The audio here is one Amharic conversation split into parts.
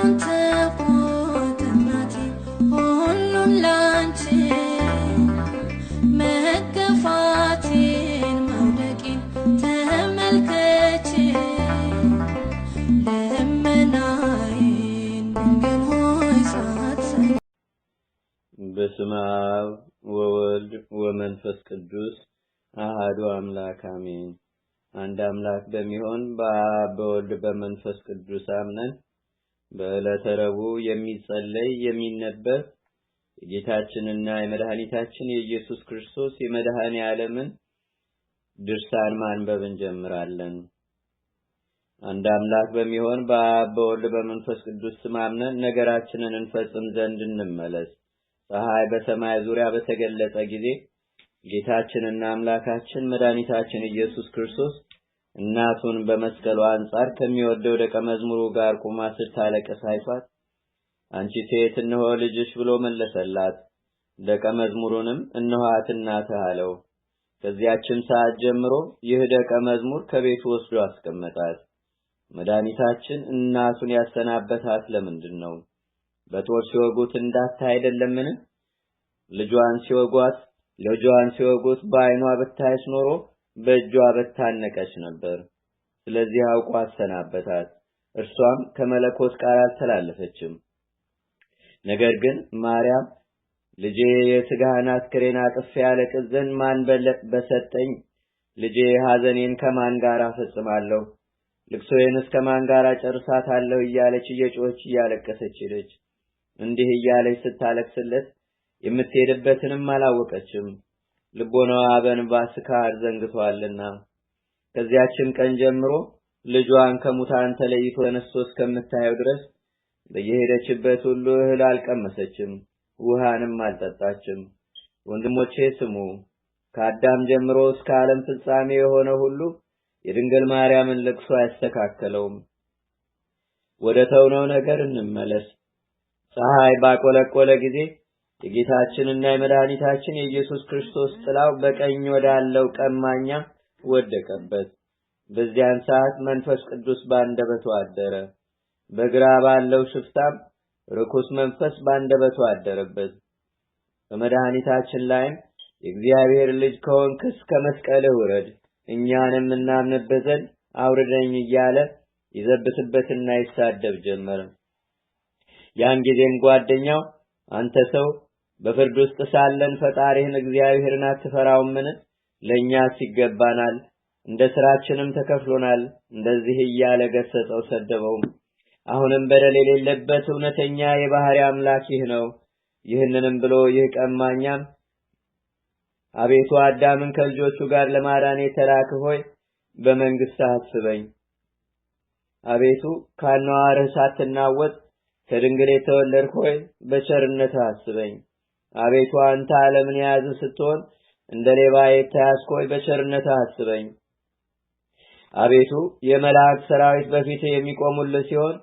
እናንተ ሞት እናቴ ሁሉም ተመልከች ልመናዬን ድንግል በስመ አብ ወወልድ ወመንፈስ ቅዱስ አሃዱ አምላክ አሜን። አንድ አምላክ በሚሆን በአብ በወልድ በመንፈስ ቅዱስ አምነን በዕለተ ረቡዕ የሚጸለይ የሚነበብ የጌታችንና የመድኃኒታችን የኢየሱስ ክርስቶስ የመድኃኔ ዓለምን ድርሳን ማንበብ እንጀምራለን። አንድ አምላክ በሚሆን በአብ በወልድ በመንፈስ ቅዱስ ስም አምነን ነገራችንን እንፈጽም ዘንድ እንመለስ። ፀሐይ በሰማይ ዙሪያ በተገለጠ ጊዜ ጌታችንና አምላካችን መድኃኒታችን ኢየሱስ ክርስቶስ እናቱን በመስቀሉ አንጻር ከሚወደው ደቀ መዝሙሩ ጋር ቁማ ስታለቅስ አይቷት አንቺ ሴት እነሆ ልጅሽ ብሎ መለሰላት። ደቀ መዝሙሩንም እነኋት እናትህ አለው። ከዚያችም ሰዓት ጀምሮ ይህ ደቀ መዝሙር ከቤቱ ወስዶ አስቀመጣት። መድኃኒታችን እናቱን ያሰናበታት ለምንድን ነው? በጦር ሲወጉት እንዳታ አይደለምን? ልጇን ሲወጓት ልጇን ሲወጉት በአይኗ ብታይስ ኖሮ በእጇ በታነቀች ነበር። ስለዚህ አውቆ አሰናበታት። እርሷም ከመለኮት ቃል አልተላለፈችም። ነገር ግን ማርያም ልጄ የሥጋህን አስክሬን አጥፌ ያለቅስ ዘንድ ማን በሰጠኝ? ልጄ ሐዘኔን ከማን ጋር አፈጽማለሁ? ልቅሶዬንስ ከማን ጋር ጨርሳታለሁ? እያለች እየጮች እያለቀሰች ሄደች። እንዲህ እያለች ስታለቅስለት የምትሄድበትንም አላወቀችም። ልቦናዋ በእንባ ስካር ዘንግቷልና ከዚያችን ቀን ጀምሮ ልጇን ከሙታን ተለይቶ ተነስቶ እስከምታየው ድረስ በየሄደችበት ሁሉ እህል አልቀመሰችም፣ ውሃንም አልጠጣችም። ወንድሞቼ ስሙ፣ ከአዳም ጀምሮ እስከ ዓለም ፍጻሜ የሆነ ሁሉ የድንግል ማርያምን ልቅሶ አያስተካከለውም። ወደ ተውነው ነገር እንመለስ። ፀሐይ ባቆለቆለ ጊዜ የጌታችንና የመድኃኒታችን የኢየሱስ ክርስቶስ ጥላው በቀኝ ወዳለው ቀማኛ ወደቀበት። በዚያን ሰዓት መንፈስ ቅዱስ ባንደበቱ አደረ። በግራ ባለው ሽፍታም ርኩስ መንፈስ ባንደበቱ አደረበት። በመድኃኒታችን ላይም የእግዚአብሔር ልጅ ከሆንክስ እስከ ውረድ፣ እኛንም እናምንበዘን ዘንድ አውርደኝ እያለ ይዘብትበትና ይሳደብ ጀመረ። ያን ጊዜም ጓደኛው አንተ ሰው በፍርድ ውስጥ ሳለን ፈጣሪህን እግዚአብሔርን አትፈራውምን? ለእኛስ ይገባናል፣ እንደ ስራችንም ተከፍሎናል። እንደዚህ እያለ ገሰጸው፣ ሰደበውም። አሁንም በደል የሌለበት እውነተኛ የባህሪ አምላክ ይህ ነው። ይህንንም ብሎ ይህ ቀማኛም አቤቱ አዳምን ከልጆቹ ጋር ለማዳን የተላክህ ሆይ በመንግስት አስበኝ። አቤቱ ካኗዋርህ ሳትናወጥ ከድንግል የተወለድክ ሆይ በቸርነት አስበኝ። አቤቱ አንተ ዓለምን የያዝ ስትሆን እንደ ሌባ የተያዝኮይ በቸርነት አስበኝ። አቤቱ የመላእክት ሰራዊት በፊት የሚቆሙልህ ሲሆን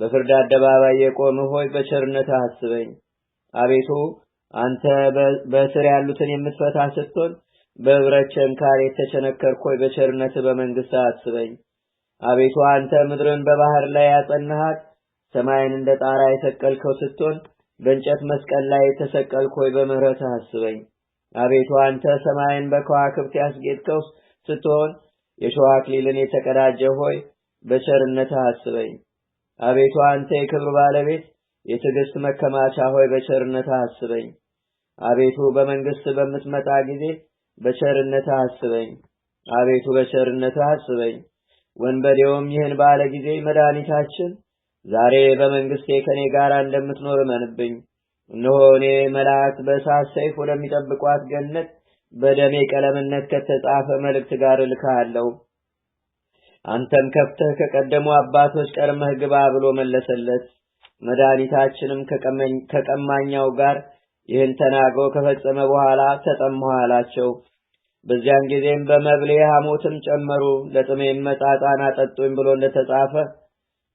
በፍርድ አደባባይ የቆምህ ሆይ በቸርነት አስበኝ። አቤቱ አንተ በስር ያሉትን የምትፈታ ስትሆን በብረት ቸንካር የተቸነከርክ በቸርነት በመንግስት አስበኝ። አቤቱ አንተ ምድርን በባህር ላይ ያጸናሃት ሰማይን እንደ ጣራ የሰቀልከው ስትሆን በእንጨት መስቀል ላይ የተሰቀልክ ሆይ በምህረትህ አስበኝ። አቤቱ አንተ ሰማይን በከዋክብት ያስጌጥከው ስትሆን የሸዋ አክሊልን የተቀዳጀ ሆይ በቸርነትህ አስበኝ። አቤቱ አንተ የክብር ባለቤት የትዕግስት መከማቻ ሆይ በቸርነትህ አስበኝ። አቤቱ በመንግስት በምትመጣ ጊዜ በቸርነትህ አስበኝ። አቤቱ በቸርነትህ አስበኝ። ወንበዴውም ይህን ባለ ጊዜ መድኃኒታችን ዛሬ በመንግስቴ ከኔ ጋር እንደምትኖር እመንብኝ። እነሆ እኔ መላእክት በእሳት ሰይፍ ወደሚጠብቋት ገነት በደሜ ቀለምነት ከተጻፈ መልእክት ጋር እልካለሁ። አንተም ከፍተህ ከቀደሙ አባቶች ቀድመህ ግባ ብሎ መለሰለት። መድኃኒታችንም ከቀማኛው ጋር ይህን ተናግሮ ከፈጸመ በኋላ ተጠማሁ በዚያን ጊዜም በመብሌ ሐሞትም ጨመሩ፣ ለጥሜም መጻጻን አጠጡኝ ብሎ እንደተጻፈ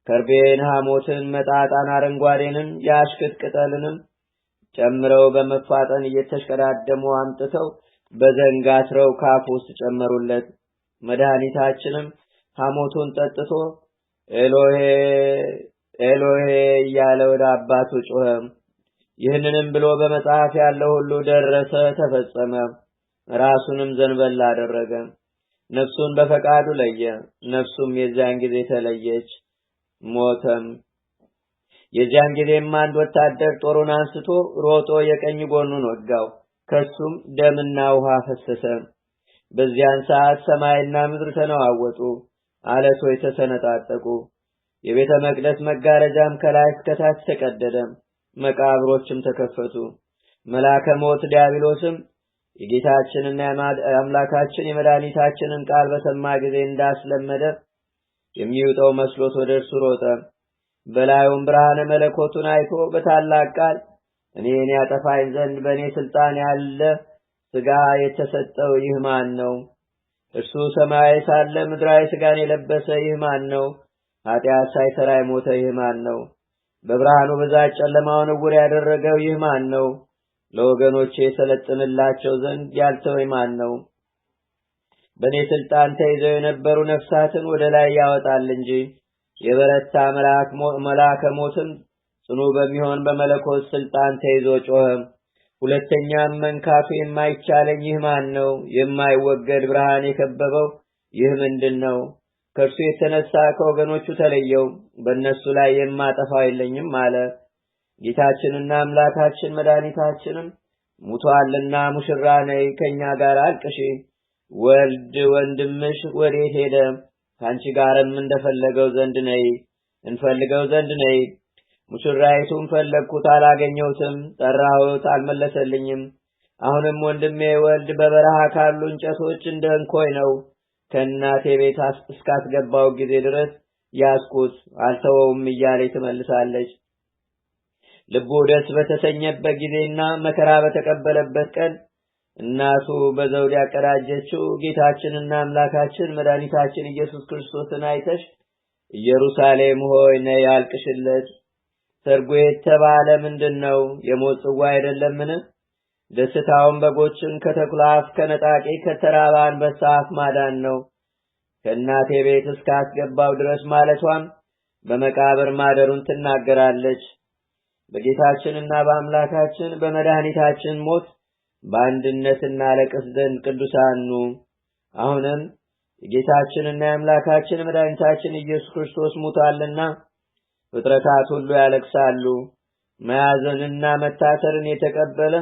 ከርቤን፣ ሐሞትን፣ መጣጣን፣ አረንጓዴንን የአሽክት ቅጠልንም ጨምረው በመፋጠን እየተሽቀዳደሙ አምጥተው በዘንግ አስረው ካፍ ውስጥ ጨመሩለት። መድኃኒታችንም ሐሞቱን ጠጥቶ ኤሎሄ ኤሎሄ እያለ ወደ አባቱ ጮኸ። ይህንንም ብሎ በመጽሐፍ ያለው ሁሉ ደረሰ፣ ተፈጸመ። ራሱንም ዘንበል አደረገ። ነፍሱን በፈቃዱ ለየ። ነፍሱም የዚያን ጊዜ ተለየች። ሞተም። የዚያን ጊዜም አንድ ወታደር ጦሩን አንስቶ ሮጦ የቀኝ ጎኑን ወጋው፣ ከሱም ደምና ውሃ ፈሰሰ። በዚያን ሰዓት ሰማይና ምድር ተነዋወጡ፣ አለቶች ተሰነጣጠቁ፣ የቤተ መቅደስ መጋረጃም ከላይ እስከታች ተቀደደ፣ መቃብሮችም ተከፈቱ። መልአከ ሞት ዲያብሎስም የጌታችንና የአምላካችን የመድኃኒታችንን ቃል በሰማ ጊዜ እንዳስለመደ የሚውጠው መስሎት ወደ እርሱ ሮጠ። በላዩም ብርሃነ መለኮቱን አይቶ በታላቅ ቃል እኔን ያጠፋኝ ዘንድ በእኔ ስልጣን ያለ ስጋ የተሰጠው ይህ ማን ነው? እርሱ ሰማያዊ ሳለ ምድራዊ ስጋን የለበሰ ይህ ማን ነው? ኃጢአት ሳይሰራ የሞተ ይህ ማን ነው? በብርሃኑ ብዛት ጨለማውን ዕውር ያደረገው ይህ ማን ነው? ለወገኖቼ የሰለጥንላቸው ዘንድ ያልተወኝ ማን ነው? በእኔ ስልጣን ተይዘው የነበሩ ነፍሳትን ወደ ላይ ያወጣል እንጂ የበረታ መልአከ ሞትም ጽኑ በሚሆን በመለኮት ስልጣን ተይዞ ጮኸ። ሁለተኛም መንካቱ የማይቻለኝ ይህ ማን ነው? የማይወገድ ብርሃን የከበበው ይህ ምንድን ነው? ከእርሱ የተነሳ ከወገኖቹ ተለየው፣ በእነሱ ላይ የማጠፋው የለኝም አለ። ጌታችንና አምላካችን መድኃኒታችንም ሙቷልና ሙሽራ ነይ ከእኛ ጋር አልቅሺ ወልድ ወንድምሽ ወዴት ሄደ? ከአንቺ ጋርም እንደፈለገው ዘንድ ነይ እንፈልገው ዘንድ ነይ። ሙሽራይቱን ፈለግኩት፣ አላገኘሁትም፣ ጠራሁት፣ አልመለሰልኝም። አሁንም ወንድሜ ወልድ በበረሃ ካሉ እንጨቶች እንደ እንኮይ ነው። ከእናቴ ቤት እስካስገባው ጊዜ ድረስ ያስኩት አልተወውም እያለች ትመልሳለች። ልቡ ደስ በተሰኘበት ጊዜና መከራ በተቀበለበት ቀን እናቱ በዘውድ ያቀዳጀችው ጌታችንና አምላካችን መድኃኒታችን ኢየሱስ ክርስቶስን አይተሽ ኢየሩሳሌም ሆይ ነይ አልቅሽለት። ሰርጎ የተባለ ምንድን ነው? የሞት ጽዋ አይደለምን? ደስታውን በጎችን ከተኩላ አፍ፣ ከነጣቂ ከተራበ አንበሳ አፍ ማዳን ነው። ከእናቴ ቤት እስካስገባው ድረስ ማለቷም በመቃብር ማደሩን ትናገራለች። በጌታችንና በአምላካችን በመድኃኒታችን ሞት በአንድነትና ለቅስ ዘንድ ቅዱሳን ኑ። አሁንም የጌታችንና የአምላካችን መድኃኒታችን ኢየሱስ ክርስቶስ ሙታልና ፍጥረታት ሁሉ ያለቅሳሉ። መያዘንና መታሰርን የተቀበለ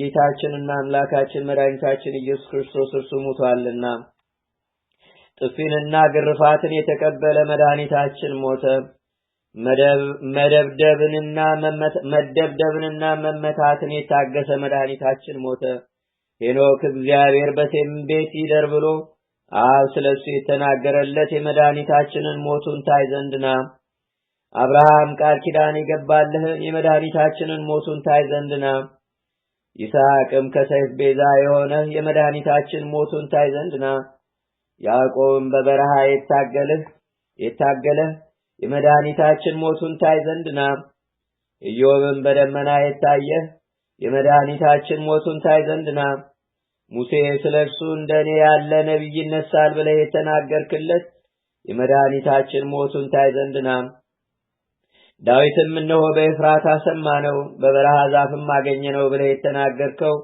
ጌታችንና አምላካችን መድኃኒታችን ኢየሱስ ክርስቶስ እርሱ ሙቷልና፣ ጥፊንና ግርፋትን የተቀበለ መድኃኒታችን ሞተ። መደብደብንና መደብደብንና መመታትን የታገሰ መድኃኒታችን ሞተ። ሄኖክ እግዚአብሔር በሴም ቤት ይደር ብሎ አብ እሱ የተናገረለት የመድኃኒታችንን ሞቱን ታይ ዘንድና አብርሃም ቃል ኪዳን የገባልህን የመድኃኒታችንን ሞቱን ታይ ዘንድና ይስሐቅም ከሰይፍ ቤዛ የሆነህ የመድኃኒታችን ሞቱን ታይ ዘንድና ያዕቆብም በበረሃ የታገልህ የታገለህ የመድኃኒታችን ሞቱን ታይ ዘንድና ኢዮብን በደመና የታየህ የመድኃኒታችን ሞቱን ታይ ዘንድና ሙሴ ስለ እርሱ እንደ እኔ ያለ ነቢይ ይነሳል ብለህ የተናገርክለት የመድኃኒታችን ሞቱን ታይ ዘንድና ዳዊትም እነሆ አሰማ ነው በበረሃ ዛፍም አገኘ ነው ብለህ የተናገርከው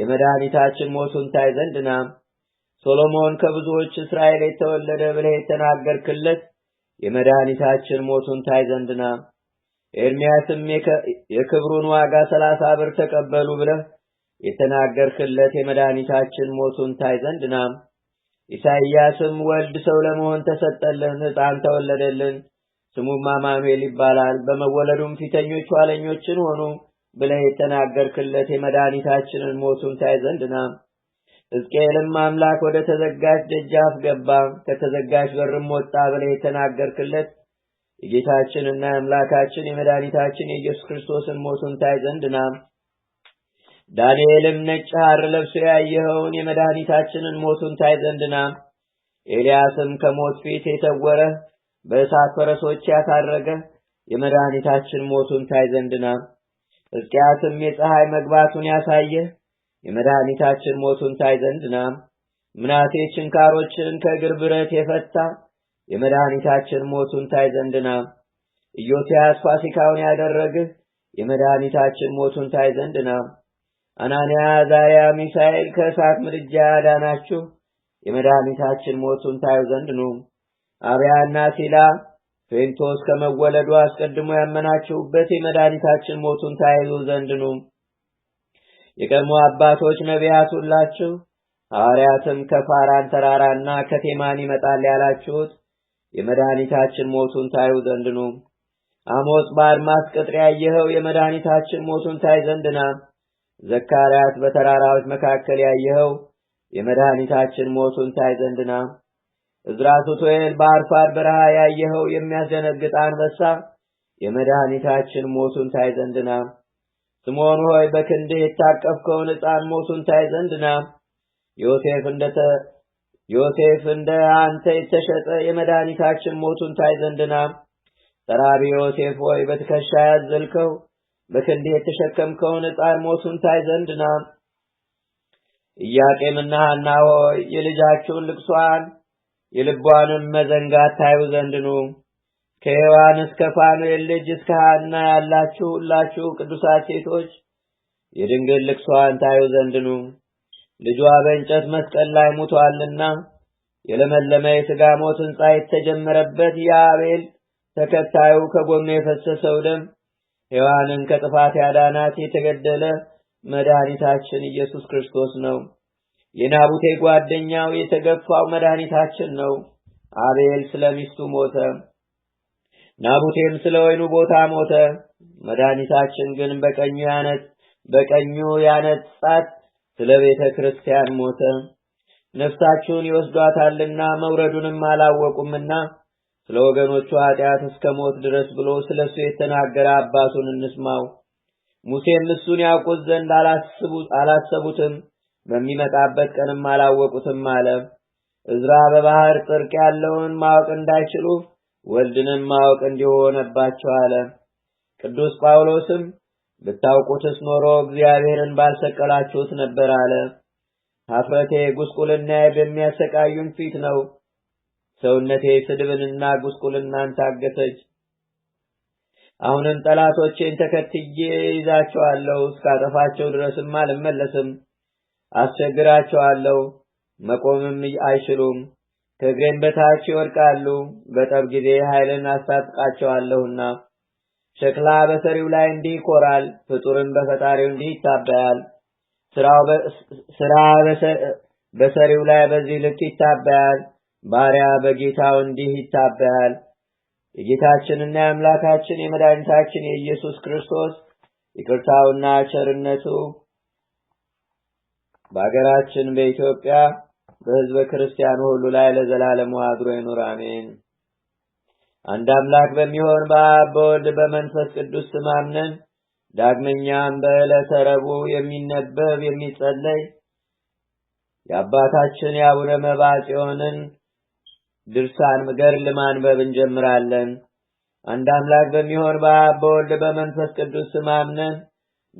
የመድኃኒታችን ሞቱን ታይ ዘንድና ሶሎሞን ከብዙዎች እስራኤል የተወለደ ብለህ የተናገርክለት የመድኃኒታችን ሞቱን ታይ ዘንድና ኤርሚያስም የክብሩን ዋጋ ሰላሳ ብር ተቀበሉ ብለህ የተናገርክለት የመድኃኒታችን ሞቱን ታይ ዘንድና ኢሳይያስም ወልድ ሰው ለመሆን ተሰጠልን፣ ሕፃን ተወለደልን፣ ስሙም አማኑኤል ይባላል፣ በመወለዱም ፊተኞች ኋለኞችን ሆኑ ብለህ የተናገርክለት የመድኃኒታችንን ሞቱን ታይ ዘንድና ሕዝቅኤልም አምላክ ወደ ተዘጋጅ ደጃፍ ገባ፣ ከተዘጋጅ በርም ወጣ ብለህ የተናገርክለት የጌታችንና የአምላካችን የመድኃኒታችን የኢየሱስ ክርስቶስን ሞቱን ታይ ዘንድ ና። ዳንኤልም ነጭ ሐር ለብሶ ያየኸውን የመድኃኒታችንን ሞቱን ታይ ዘንድ ና። ኤልያስም ከሞት ፊት የተወረ በእሳት ፈረሶች ያሳረገ የመድኃኒታችን ሞቱን ታይ ዘንድ ና። ሕዝቅያስም የፀሐይ መግባቱን ያሳየ የመድኃኒታችን ሞቱን ታይ ዘንድ ናም ምናቴ ችንካሮችን ከእግር ብረት የፈታ የመድኃኒታችን ሞቱን ታይ ዘንድ ናም ኢዮስያስ ፋሲካውን ያደረግህ የመድኃኒታችን ሞቱን ታይ ዘንድ አናንያ፣ አዛርያ፣ ሚሳኤል ከእሳት ምድጃ ያዳናችሁ የመድኃኒታችን ሞቱን ታዩ ዘንድ ኑ። አብያና ሲላ ፌንቶስ ከመወለዱ አስቀድሞ ያመናችሁበት የመድኃኒታችን ሞቱን ታዩ ዘንድ ኑ። የቀድሞ አባቶች ነቢያት ሁላችሁ ሐዋርያትም ከፋራን ተራራና ከቴማን ይመጣል ያላችሁት የመድኃኒታችን ሞቱን ታዩ ዘንድ ኑ አሞጽ በአድማስ ቅጥር ያየኸው የመድኃኒታችን ሞቱን ታይ ዘንድ ና። ዘካርያስ በተራራዎች መካከል ያየኸው የመድኃኒታችን ሞቱን ታይ ዘንድ ና። ዕዝራ ሱቱኤል በአርፋድ በረሃ ያየኸው የሚያስደነግጥ አንበሳ የመድኃኒታችን ሞቱን ታይ ዘንድ ና። ስምዖን ሆይ በክንድህ የታቀፍከውን ሕፃን ሞቱን ታይ ዘንድ ና ዮሴፍ እንደተ ዮሴፍ እንደ አንተ የተሸጠ የመድኃኒታችን ሞቱን ታይ ዘንድ ና ጠራቢ ዮሴፍ ሆይ በትከሻ ያዘልከው በክንድህ የተሸከምከውን ሕፃን ሞቱን ታይ ዘንድ ና ኢያቄምና ሐና ሆይ የልጃችሁን ልቅሷን የልቧንም መዘንጋት ታዩ ዘንድ ኑ ከሔዋን እስከ ፋኑኤል ልጅ እስከ ሐና ያላችሁ ሁላችሁ ቅዱሳት ሴቶች የድንግል ልቅሷን ታዩ ዘንድ ኑ። ልጇ በእንጨት መስቀል ላይ ሙቷልና የለመለመ የሥጋ ሞት ሕንፃ የተጀመረበት የአቤል ተከታዩ ከጎኑ የፈሰሰው ደም ሔዋንን ከጥፋት ያዳናት የተገደለ መድኃኒታችን ኢየሱስ ክርስቶስ ነው። የናቡቴ ጓደኛው የተገፋው መድኃኒታችን ነው። አቤል ስለ ሚስቱ ሞተ። ናቡቴም ስለ ወይኑ ቦታ ሞተ። መድኃኒታችን ግን በቀኙ ያነት በቀኙ ያነጻት ስለ ቤተ ክርስቲያን ሞተ። ነፍሳችሁን ይወስዷታልና መውረዱንም አላወቁምና ስለ ወገኖቹ ኃጢአት እስከ ሞት ድረስ ብሎ ስለ እሱ የተናገረ አባቱን እንስማው። ሙሴም እሱን ያውቁት ዘንድ አላሰቡትም፣ በሚመጣበት ቀንም አላወቁትም አለ። እዝራ በባህር ጽርቅ ያለውን ማወቅ እንዳይችሉ ወልድንም ማወቅ እንዲሆነባቸው አለ። ቅዱስ ጳውሎስም ብታውቁትስ ኖሮ እግዚአብሔርን ባልሰቀላችሁት ነበር አለ። ሀፍረቴ ጉስቁልናዬ በሚያሰቃዩን ፊት ነው። ሰውነቴ ስድብንና ጉስቁልናን ታገሰች። አሁንም ጠላቶቼን ተከትዬ ይዛቸዋለሁ፣ እስካጠፋቸው ድረስም አልመለስም። አስቸግራቸዋለሁ፣ መቆምም አይችሉም። ከእግሬም በታች ይወድቃሉ። በጠብ ጊዜ ኃይልን አስታጥቃቸዋለሁና ሸክላ በሰሪው ላይ እንዲህ ይኮራል፣ ፍጡርን በፈጣሪው እንዲህ ይታበያል። ስራ በሰሪው ላይ በዚህ ልክ ይታበያል፣ ባሪያ በጌታው እንዲህ ይታበያል። የጌታችንና የአምላካችን የመድኃኒታችን የኢየሱስ ክርስቶስ ይቅርታውና ቸርነቱ በአገራችን በኢትዮጵያ በህዝበ ክርስቲያኑ ሁሉ ላይ ለዘላለሙ አድሮ ይኑር፣ አሜን። አንድ አምላክ በሚሆን በአብ በወልድ በመንፈስ ቅዱስ ስም አምነን ዳግመኛም በዕለተ ረቡዕ የሚነበብ የሚጸለይ የአባታችን የአቡነ መብዓ ጽዮንን ድርሳን ገድል ማንበብ እንጀምራለን። አንድ አምላክ በሚሆን በአብ በወልድ በመንፈስ ቅዱስ ስም አምነን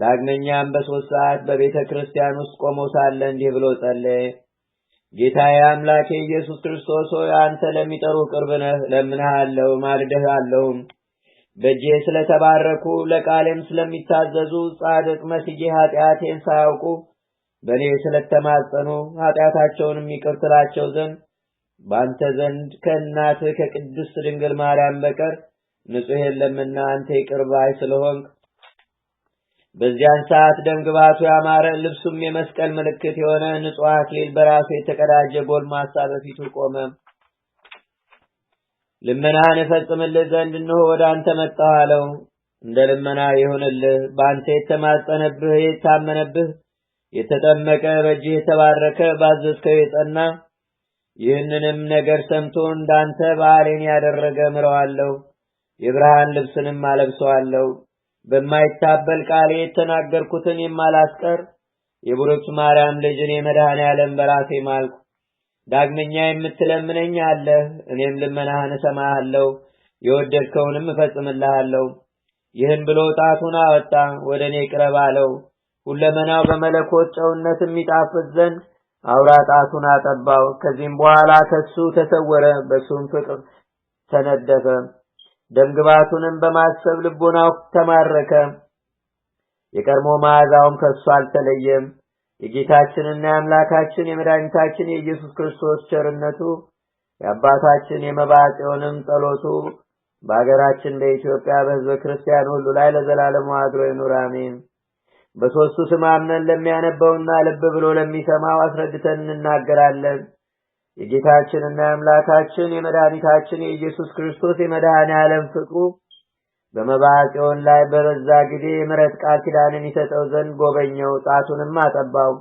ዳግመኛም በሦስት ሰዓት በቤተ ክርስቲያን ውስጥ ቆሞ ሳለ እንዲህ ብሎ ጸለየ። ጌታዬ አምላኬ ኢየሱስ ክርስቶስ ሆይ አንተ ለሚጠሩ ቅርብ ነህ። ለምንሃለሁ፣ ማልደሃለሁም። በእጄ ስለተባረኩ ለቃሌም ስለሚታዘዙ ጻድቅ መስዬ ኃጢአቴን ሳያውቁ በእኔ ስለተማጸኑ ኃጢአታቸውንም ይቅር ትላቸው ዘንድ በአንተ ዘንድ ከእናትህ ከቅድስት ድንግል ማርያም በቀር ንጹሕ የለምና አንተ ይቅር ባይ ስለሆንክ በዚያን ሰዓት ደም ግባቱ ያማረ ልብሱም የመስቀል ምልክት የሆነ ንጹሕ አክሊል በራሱ የተቀዳጀ ጎልማሳ በፊቱ ቆመ። ልመናህን እፈጽምልህ ዘንድ እንሆ ወደ አንተ መጣሁ አለው። እንደ ልመና ይሁንልህ። በአንተ የተማጸነብህ የታመነብህ የተጠመቀ በእጅህ የተባረከ ባዘዝከው የጸና ይህንንም ነገር ሰምቶ እንዳንተ በዓሌን ያደረገ ምረዋለሁ፣ የብርሃን ልብስንም አለብሰዋለሁ በማይታበል ቃሌ የተናገርኩትን የማላስቀር የቡሩክት ማርያም ልጅ እኔ ያለም በራሴ ማልኩ። ዳግመኛ የምትለምነኝ አለህ፣ እኔም ልመናህን እሰማሃለሁ፣ የወደድከውንም እፈጽምልሃለሁ። ይህን ብሎ ጣቱን አወጣ፣ ወደ እኔ ቅረብ አለው። ሁለመናው በመለኮት ጨውነት የሚጣፍጥ ዘንድ አውራ ጣቱን አጠባው። ከዚህም በኋላ ከሱ ተሰወረ፣ በሱም ፍቅር ተነደፈ። ደምግባቱንም በማሰብ ልቦናው ተማረከ። የቀድሞ መዓዛውም ከእሱ አልተለየም። የጌታችንና የአምላካችን የመድኃኒታችን የኢየሱስ ክርስቶስ ቸርነቱ የአባታችን የመባጽዮንም ጸሎቱ በአገራችን በኢትዮጵያ በሕዝበ ክርስቲያን ሁሉ ላይ ለዘላለሙ አድሮ ይኑር፣ አሜን። በሦስቱ ስም አምነን ለሚያነበውና ልብ ብሎ ለሚሰማው አስረድተን እንናገራለን። የጌታችንና የአምላካችን የመድኃኒታችን የኢየሱስ ክርስቶስ የመድኃኔ ዓለም ፍቅሩ በመባ ጽዮን ላይ በበዛ ጊዜ የምሕረት ቃል ኪዳንን ይሰጠው ዘንድ ጎበኘው፣ ጣቱንም አጠባው።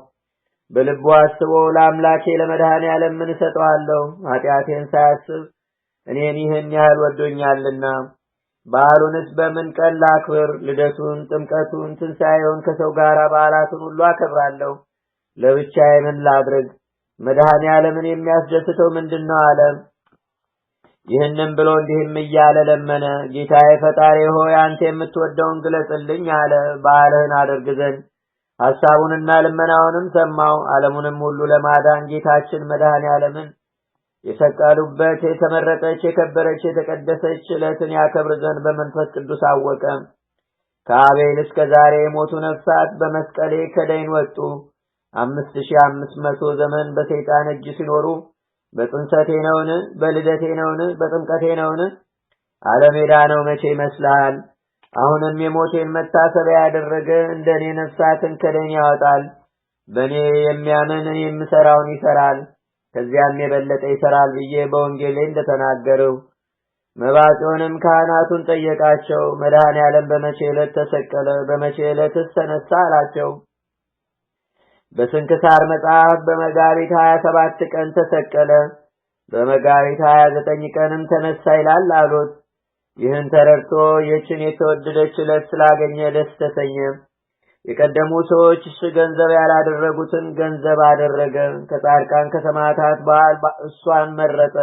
በልቡ አስቦ ለአምላኬ ለመድኃኔ ዓለም ምን እሰጠዋለሁ? ኃጢአቴን ሳያስብ እኔን ይህን ያህል ወዶኛልና። በዓሉንስ በምን ቀን ላክብር? ልደቱን፣ ጥምቀቱን፣ ትንሣኤውን ከሰው ጋር በዓላቱን ሁሉ አከብራለሁ። ለብቻዬ ምን ላድርግ? መድኃኔ ዓለምን የሚያስደስተው ምንድነው አለ። ይህንም ብሎ እንዲህም እያለ ለመነ። ጌታዬ ፈጣሪ ሆይ አንተ የምትወደውን ግለጽልኝ አለ። በዓልህን አድርግ ዘንድ ሐሳቡንና ልመናውንም ሰማው። ዓለሙንም ሁሉ ለማዳን ጌታችን መድኃኔ ዓለምን የሰቀሉበት የተመረጠች የከበረች የተቀደሰች ዕለትን ያከብር ዘንድ በመንፈስ ቅዱስ አወቀ። ከአቤል እስከ ዛሬ የሞቱ ነፍሳት በመስቀሌ ከደይን ወጡ። አምስት ሺህ አምስት መቶ ዘመን በሰይጣን እጅ ሲኖሩ በጥንሰቴ ነውን? በልደቴ ነውን? በጥምቀቴ ነውን? አለሜዳ ነው መቼ ይመስልሃል? አሁንም የሞቴን መታሰቢያ ያደረገ እንደኔ ነፍሳትን ከደን ያወጣል። በእኔ የሚያምን የምሰራውን ይሰራል፣ ከዚያም የበለጠ ይሰራል ብዬ በወንጌሌ እንደተናገረው መባጮንም ካህናቱን ጠየቃቸው። መድኃኔ ዓለም በመቼ ዕለት ተሰቀለ? በመቼ ዕለትስ ተነሳ? አላቸው። በስንክሳር መጽሐፍ በመጋቢት 27 ቀን ተሰቀለ፣ በመጋቢት 29 ቀንም ተነሳ ይላል አሉት። ይህን ተረድቶ ይህችን የተወደደች ዕለት ስላገኘ ደስ ተሰኘ። የቀደሙ ሰዎች እሱ ገንዘብ ያላደረጉትን ገንዘብ አደረገ። ከጻድቃን ከሰማዕታት በዓል እሷን መረጠ፣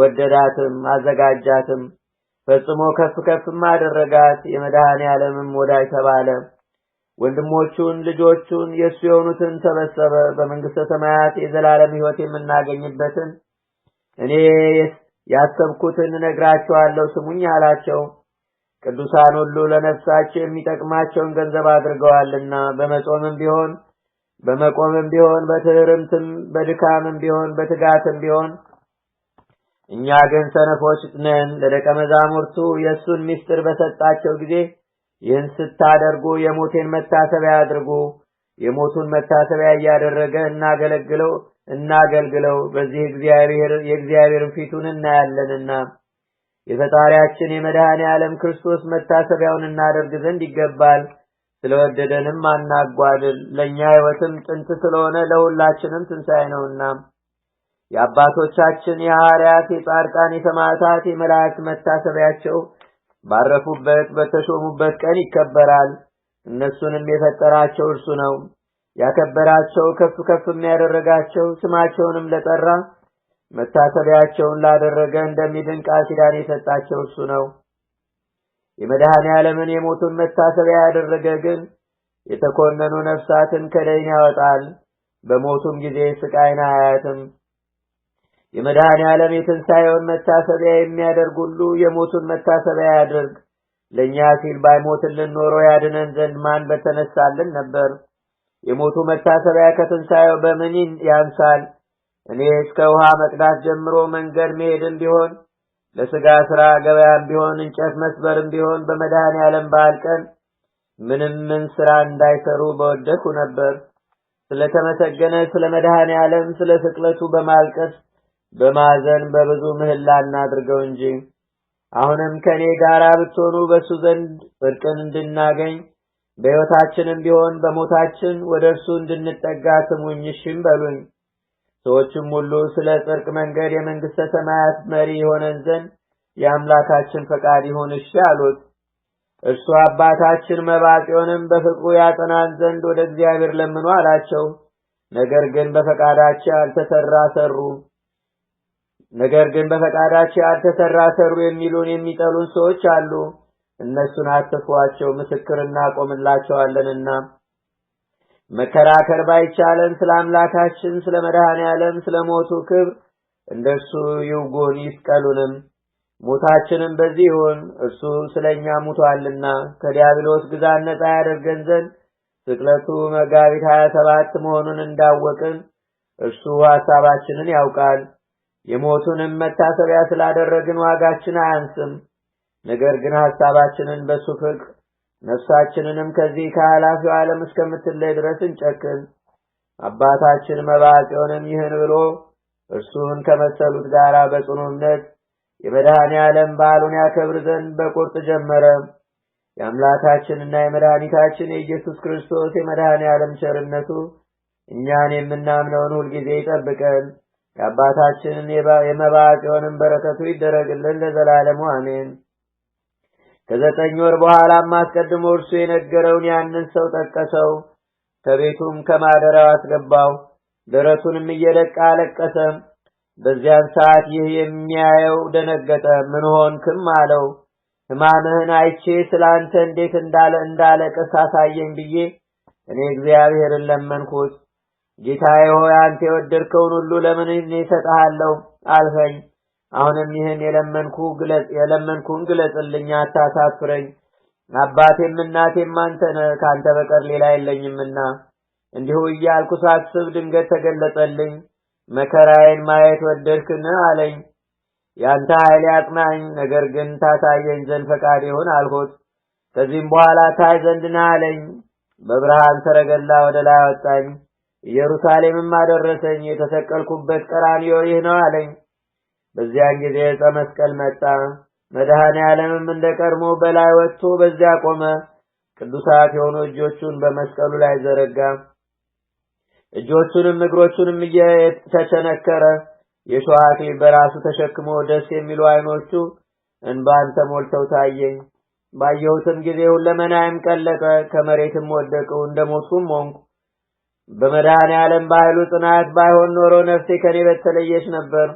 ወደዳትም፣ አዘጋጃትም። ፈጽሞ ከፍ ከፍም አደረጋት። የመድኃኔ ዓለምም ወዳጅ ተባለ። ወንድሞቹን ልጆቹን የእሱ የሆኑትን ሰበሰበ። በመንግስተ ሰማያት የዘላለም ሕይወት የምናገኝበትን እኔ ያሰብኩትን እነግራቸዋለሁ፣ ስሙኝ አላቸው። ቅዱሳን ሁሉ ለነፍሳቸው የሚጠቅማቸውን ገንዘብ አድርገዋልና በመጾምም ቢሆን በመቆምም ቢሆን በትህርምትም በድካምም ቢሆን በትጋትም ቢሆን እኛ ግን ሰነፎች ነን። ለደቀ መዛሙርቱ የእሱን ምስጢር በሰጣቸው ጊዜ ይህን ስታደርጉ የሞቴን መታሰቢያ አድርጉ። የሞቱን መታሰቢያ እያደረገ እናገለግለው እናገልግለው። በዚህ እግዚአብሔር የእግዚአብሔርን ፊቱን እናያለንና የፈጣሪያችን የመድኃኔ ዓለም ክርስቶስ መታሰቢያውን እናደርግ ዘንድ ይገባል። ስለወደደንም አናጓድል። ለእኛ ሕይወትም ጥንት ስለሆነ ለሁላችንም ትንሣኤ ነውና የአባቶቻችን የሐዋርያት፣ የጻድቃን፣ የሰማዕታት፣ የመላእክት መታሰቢያቸው ባረፉበት በተሾሙበት ቀን ይከበራል። እነሱንም የፈጠራቸው እርሱ ነው። ያከበራቸው ከፍ ከፍ የሚያደረጋቸው ስማቸውንም ለጠራ መታሰቢያቸውን ላደረገ እንደሚድን ቃል ኪዳን የሰጣቸው እርሱ ነው። የመድኃኔ ዓለምን የሞቱን መታሰቢያ ያደረገ ግን የተኮነኑ ነፍሳትን ከደይን ያወጣል። በሞቱም ጊዜ ስቃይን አያያትም። የመድኃኔ ዓለም የትንሣኤውን መታሰቢያ የሚያደርግ ሁሉ የሞቱን መታሰቢያ ያድርግ። ለእኛ ሲል ባይሞትልን ኖሮ ያድነን ዘንድ ማን በተነሳልን ነበር? የሞቱ መታሰቢያ ከትንሣኤው በምን ያንሳል? እኔ እስከ ውሃ መቅዳት ጀምሮ መንገድ መሄድም ቢሆን ለስጋ ስራ ገበያም ቢሆን እንጨት መስበርም ቢሆን በመድኃኔ ዓለም በዓል ቀን ምንም ምን ስራ እንዳይሰሩ በወደኩ ነበር። ስለተመሰገነ ስለ መድኃኔ ዓለም ስለ ስቅለቱ በማልቀስ በማዘን በብዙ ምህላ እናድርገው እንጂ አሁንም ከኔ ጋር ብትሆኑ በእሱ ዘንድ እርቅን እንድናገኝ በሕይወታችንም ቢሆን በሞታችን ወደ እርሱ እንድንጠጋ ስሙኝ፣ እሺም በሉኝ። ሰዎችም ሁሉ ስለ ጽድቅ መንገድ የመንግሥተ ሰማያት መሪ የሆነን ዘንድ የአምላካችን ፈቃድ ይሁን እሺ አሉት። እርሱ አባታችን መባጽዮንም በፍቅሩ ያጸናን ዘንድ ወደ እግዚአብሔር ለምኑ አላቸው። ነገር ግን በፈቃዳቸው ያልተሰራ ሰሩ። ነገር ግን በፈቃዳቸው ያልተሰራ ሰሩ የሚሉን የሚጠሉን ሰዎች አሉ። እነሱን አትፏቸው፣ ምስክር እናቆምላቸዋለንና። መከራከር ባይቻለን ስለ አምላካችን ስለ መድኃኔዓለም ስለ ሞቱ ክብር እንደሱ ይውጉን ይስቀሉንም። ሞታችንም በዚህ ይሁን፣ እርሱ ስለኛ ሙቷልና ከዲያብሎስ ግዛት ነጻ ያደርገን ዘንድ ስቅለቱ መጋቢት 27 መሆኑን እንዳወቅን እርሱ ሐሳባችንን ያውቃል። የሞቱንም መታሰቢያ ስላደረግን ዋጋችን አያንስም። ነገር ግን ሐሳባችንን በእሱ ፍቅር ነፍሳችንንም ከዚህ ከኃላፊው ዓለም እስከምትለይ ድረስ እንጨክን። አባታችን መባጽዮንም ይህን ብሎ እርሱን ከመሰሉት ጋር በጽኑነት የመድኃኔ ዓለም በዓሉን ያከብር ዘንድ በቁርጥ ጀመረ። የአምላካችንና የመድኃኒታችን የኢየሱስ ክርስቶስ የመድኃኔ ዓለም ቸርነቱ እኛን የምናምነውን ሁልጊዜ ይጠብቀን። የአባታችንን የመባ ጽዮንን በረከቱ ይደረግልን ለዘላለሙ አሜን። ከዘጠኝ ወር በኋላም አስቀድሞ እርሱ የነገረውን ያንን ሰው ጠቀሰው። ከቤቱም ከማደሪያው አስገባው። ደረቱንም እየደቃ አለቀሰ። በዚያን ሰዓት ይህ የሚያየው ደነገጠ። ምን ሆንክም አለው። ሕማምህን አይቼ ስለ አንተ እንዴት እንዳለ እንዳለቀስ አሳየኝ ብዬ እኔ እግዚአብሔርን ለመንኩት። ጌታዬ ሆይ አንተ የወደድከውን ሁሉ ለምን እኔ እሰጥሃለሁ አልኸኝ። አሁንም ይህን የለመንኩ ግለጽ የለመንኩን ግለጽልኝ፣ አታሳፍረኝ። አባቴም እናቴም አንተ ነህ፣ ካንተ በቀር ሌላ የለኝምና። እንዲሁ እያልኩ ሳስብ ድንገት ተገለጸልኝ። መከራዬን ማየት ወደድክን አለኝ። ያንተ ኃይል ያጽናኝ፣ ነገር ግን ታሳየኝ ዘንድ ፈቃድ ይሁን አልሆት። ከዚህም በኋላ ታይ ዘንድ ና አለኝ። በብርሃን ሰረገላ ወደ ላይ አወጣኝ። ኢየሩሳሌምም አደረሰኝ። የተሰቀልኩበት ቀራንዮ ይህ ነው አለኝ። በዚያን ጊዜ ዕፀ መስቀል መጣ። መድኃኔ ዓለምም እንደ ቀድሞ በላይ ወጥቶ በዚያ ቆመ። ቅዱሳት የሆኑ እጆቹን በመስቀሉ ላይ ዘረጋ። እጆቹንም እግሮቹንም እየተቸነከረ የሸዋ አክሊል በራሱ ተሸክሞ ደስ የሚሉ ዓይኖቹ እንባን ተሞልተው ታየኝ። ባየሁትም ጊዜ ሁለመናዬም ቀለቀ ከመሬትም ወደቅሁ፣ እንደ ሞትኩም ሆንኩ። በመድኃኔ ዓለም በኃይሉ ጽናት ባይሆን ኖሮ ነፍሴ ከኔ በተለየች ነበር።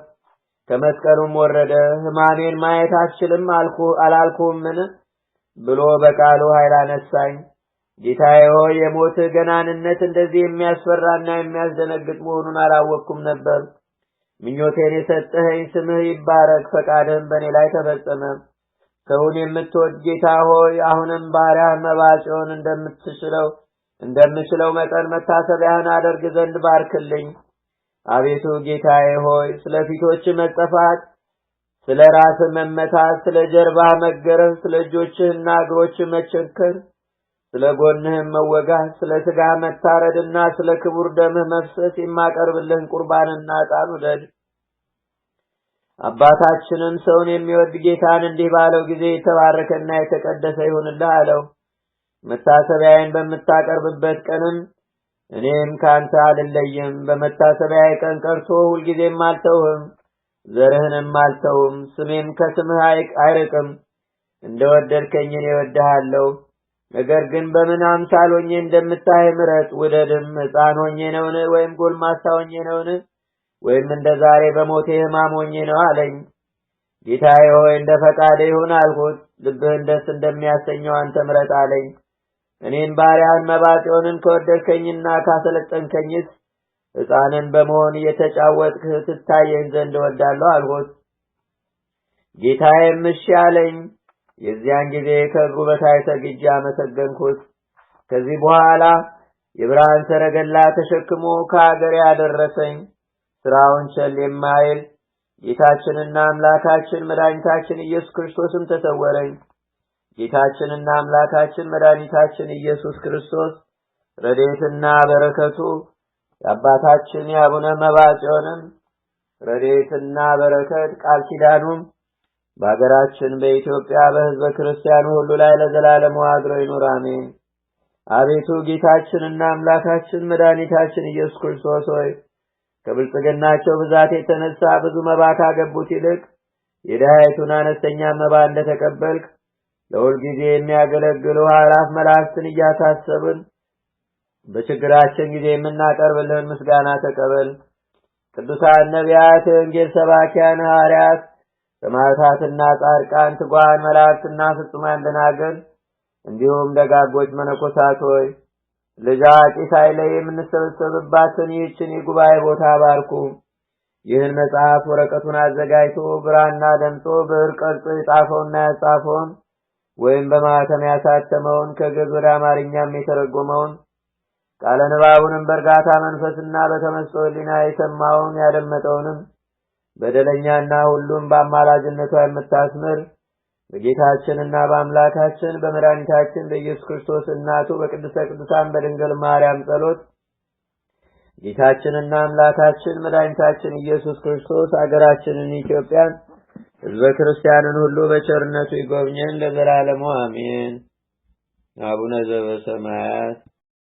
ከመስቀሉም ወረደ። ሕማሜን ማየት አትችልም አልኩ ምን ብሎ በቃሉ ኃይል አነሳኝ። ጌታዬ ሆይ የሞት ገናንነት እንደዚህ የሚያስፈራና የሚያስደነግጥ መሆኑን አላወቅኩም ነበር። ምኞቴን የሰጠኸኝ ስምህ ይባረክ፣ ፈቃድህም በእኔ ላይ ተፈጸመ። ሰውን የምትወድ ጌታ ሆይ አሁንም ባሪያህ መባጽዮን እንደምትችለው እንደምችለው መጠን መታሰቢያህን አደርግ ዘንድ ባርክልኝ። አቤቱ ጌታዬ ሆይ ስለ ፊቶች መጸፋት፣ ስለ ራስ መመታት፣ ስለ ጀርባ መገረፍ፣ ስለ እጆችህና እግሮች መቸንከር፣ ስለ ጎንህም መወጋት፣ ስለ ሥጋ መታረድና ስለ ክቡር ደምህ መፍሰስ የማቀርብልህን ቁርባንና ዕጣን ውደድ። አባታችንም ሰውን የሚወድ ጌታን እንዲህ ባለው ጊዜ የተባረከና የተቀደሰ ይሁንልህ አለው። መታሰቢያዬን በምታቀርብበት ቀንም እኔም ካንተ አልለይም። በመታሰቢያዬ ቀን ቀርቶ ሁልጊዜም አልተውህም፣ ዘርህንም አልተውም፣ ስሜም ከስምህ አይርቅም። እንደ እኔ እወድሃለሁ። ነገር ግን በምን አምሳል ሆኜ እንደምታይ ምረጥ፣ ውደድም። ሕፃን ሆኜ ነውን? ወይም ጎልማሳ ሆኜ ነውን? ወይም እንደ ዛሬ በሞቴ ሕማም ሆኜ ነው አለኝ። ጌታዬ ሆይ እንደ ፈቃደ ይሁን አልኩት። ልብህን ደስ እንደሚያሰኘው አንተ ምረጥ አለኝ። እኔን ባሪያን መባጤዎንን ከወደድከኝና ካሰለጠንከኝስ ሕፃንን በመሆን እየተጫወጥህ ትታየኝ ዘንድ እወዳለሁ አልሆት። ጌታዬም እሺ አለኝ። የዚያን ጊዜ ከእግሩ በታይ ሰግጄ አመሰገንኩት። ከዚህ በኋላ የብርሃን ሰረገላ ተሸክሞ ከአገር ያደረሰኝ ስራውን ቸል የማይል ጌታችንና አምላካችን መድኃኒታችን ኢየሱስ ክርስቶስም ተሰወረኝ። ጌታችንና አምላካችን መድኃኒታችን ኢየሱስ ክርስቶስ ረዴትና በረከቱ የአባታችን የአቡነ መባጽዮንም ረዴትና በረከት ቃል ኪዳኑም በአገራችን በኢትዮጵያ በሕዝበ ክርስቲያኑ ሁሉ ላይ ለዘላለም አድሮ ይኑር፣ አሜን። አቤቱ ጌታችንና አምላካችን መድኃኒታችን ኢየሱስ ክርስቶስ ሆይ ከብልጽግናቸው ብዛት የተነሳ ብዙ መባ ካገቡት ይልቅ የድሃይቱን አነስተኛ መባ እንደተቀበልክ ጊዜ የሚያገለግሉ ኃይላት መላእክትን እያሳሰብን በችግራችን ጊዜ የምናቀርብልህን ምስጋና ተቀበል። ቅዱሳን ነቢያት፣ የወንጌል ሰባኪያን ሐዋርያት፣ ሰማዕታትና ጻድቃን፣ ትጓን መላእክትና ፍጹማን ደናግል እንዲሁም ደጋጎች መነኮሳት ሆይ ልጅ ጢሳይ ላይ የምንሰበሰብባትን ይህችን የጉባኤ ቦታ ባርኩ። ይህን መጽሐፍ ወረቀቱን አዘጋጅቶ ብራና ደምጦ ብዕር ቀርጾ የጻፈውና ያጻፈውን ወይም በማህተም ያሳተመውን ከግዕዝ ወደ አማርኛም የተረጎመውን ቃለ ንባቡንም በእርጋታ መንፈስና በተመስጦ ሕሊና የሰማውን ያደመጠውንም በደለኛና ሁሉም በአማላጅነቷ የምታስምር በጌታችንና በአምላካችን በመድኃኒታችን በኢየሱስ ክርስቶስ እናቱ በቅድስተ ቅዱሳን በድንግል ማርያም ጸሎት ጌታችንና አምላካችን መድኃኒታችን ኢየሱስ ክርስቶስ አገራችንን ኢትዮጵያን ህዝበ ክርስቲያንን ሁሉ በቸርነቱ ይጎብኘን ለዘላለሙ አሜን። አቡነ ዘበሰማያት